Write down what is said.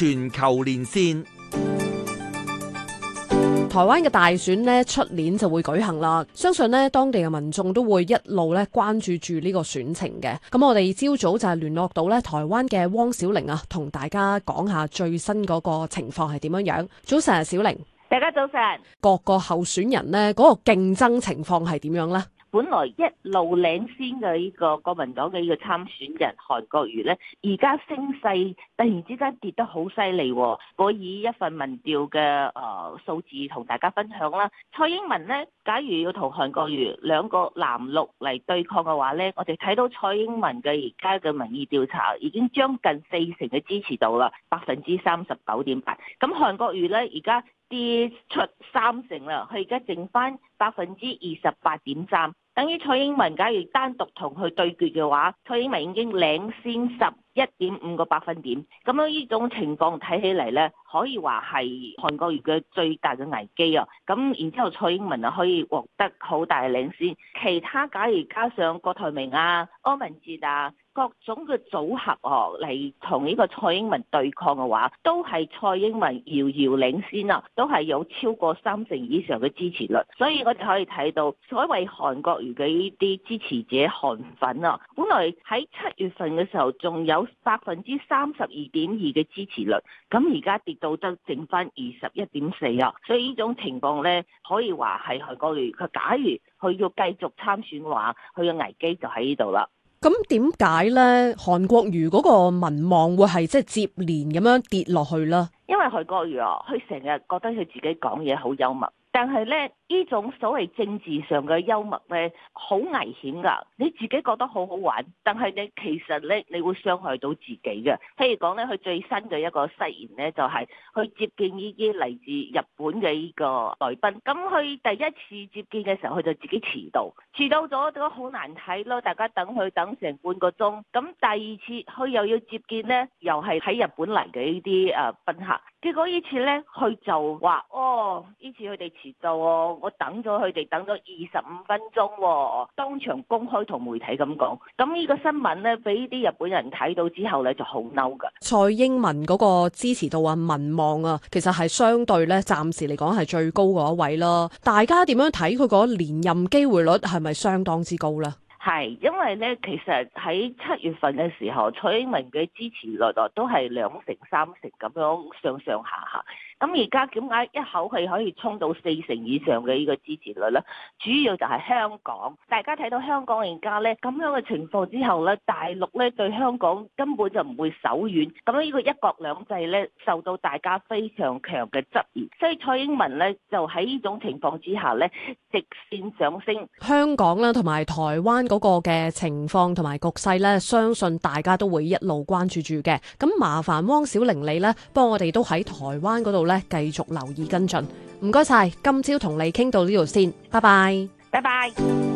全球連線，台灣嘅大選咧，出年就會舉行啦，相信咧當地嘅民眾都會一路咧關注住呢個選情嘅。咁我哋朝早就係聯絡到咧台灣嘅汪小玲啊，同大家講下最新嗰個情況係點樣樣。早晨啊，小玲，大家早晨。各個候選人咧，嗰個競爭情況係點樣咧？本來一路領先嘅呢個國民黨嘅呢個參選人韓國瑜呢，而家聲勢突然之間跌得好犀利喎。我以一份民調嘅誒、呃、數字同大家分享啦。蔡英文呢，假如要同韓國瑜兩個藍綠嚟對抗嘅話呢，我哋睇到蔡英文嘅而家嘅民意調查已經將近四成嘅支持度啦，百分之三十九點八。咁韓國瑜呢，而家跌出三成啦，佢而家剩返百分之二十八點三。等於蔡英文假如單獨同佢對決嘅話，蔡英文已經領先十一點五個百分點，咁樣呢種情況睇起嚟呢，可以話係韓國瑜嘅最大嘅危機啊！咁然之後蔡英文啊，可以獲得好大嘅領先，其他假如加上郭台銘啊、柯文哲啊，各種嘅組合哦嚟同呢個蔡英文對抗嘅話，都係蔡英文遙遙領先啊，都係有超過三成以上嘅支持率。所以我哋可以睇到所謂韓國瑜嘅呢啲支持者韓粉啊，本來喺七月份嘅時候仲有。百分之三十二點二嘅支持率，咁而家跌到得剩翻二十一點四啊！所以呢種情況咧，可以話係韓國瑜佢假如佢要繼續參選嘅話，佢嘅危機就喺呢度啦。咁點解咧？韓國瑜嗰個民望會係即係接連咁樣跌落去啦？因為韓國瑜啊，佢成日覺得佢自己講嘢好幽默，但係咧。呢種所謂政治上嘅幽默呢，好危險㗎！你自己覺得好好玩，但係你其實呢，你會傷害到自己嘅。譬如講呢，佢最新嘅一個失言呢，就係、是、去接見呢啲嚟自日本嘅呢個來賓。咁佢第一次接見嘅時候，佢就自己遲到，遲到咗都好難睇咯。大家等佢等成半個鐘。咁第二次佢又要接見呢，又係喺日本嚟嘅呢啲啊賓客。結果呢次呢，佢就話：哦，呢次佢哋遲到。我等咗佢哋等咗二十五分鐘哦，當場公開同媒體咁講。咁呢個新聞呢，俾啲日本人睇到之後呢，就好嬲噶。蔡英文嗰個支持度啊，民望啊，其實係相對呢，暫時嚟講係最高嗰一位咯。大家點樣睇佢個連任機會率係咪相當之高呢？係，因為呢，其實喺七月份嘅時候，蔡英文嘅支持率度都係兩成三成咁樣上上下下。咁而家點解一口氣可以沖到四成以上嘅呢個支持率咧？主要就係香港，大家睇到香港而家咧咁樣嘅情況之後咧，大陸咧對香港根本就唔會手軟，咁呢個一國兩制咧受到大家非常強嘅質疑，所以蔡英文咧就喺呢種情況之下咧直線上升。香港啦同埋台灣嗰個嘅情況同埋局勢咧，相信大家都會一路關注住嘅。咁麻煩汪小玲你咧幫我哋都喺台灣嗰度。繼續留意跟進，唔該晒，今朝同你傾到呢度先，拜拜，拜拜。